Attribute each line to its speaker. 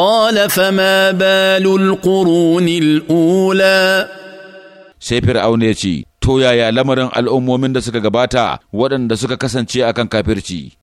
Speaker 1: قال فما بال القرون الأولى
Speaker 2: sai Fir'aun ya ce, To yaya lamarin al'ummomin da suka gabata waɗanda suka kasance
Speaker 3: akan kafirci.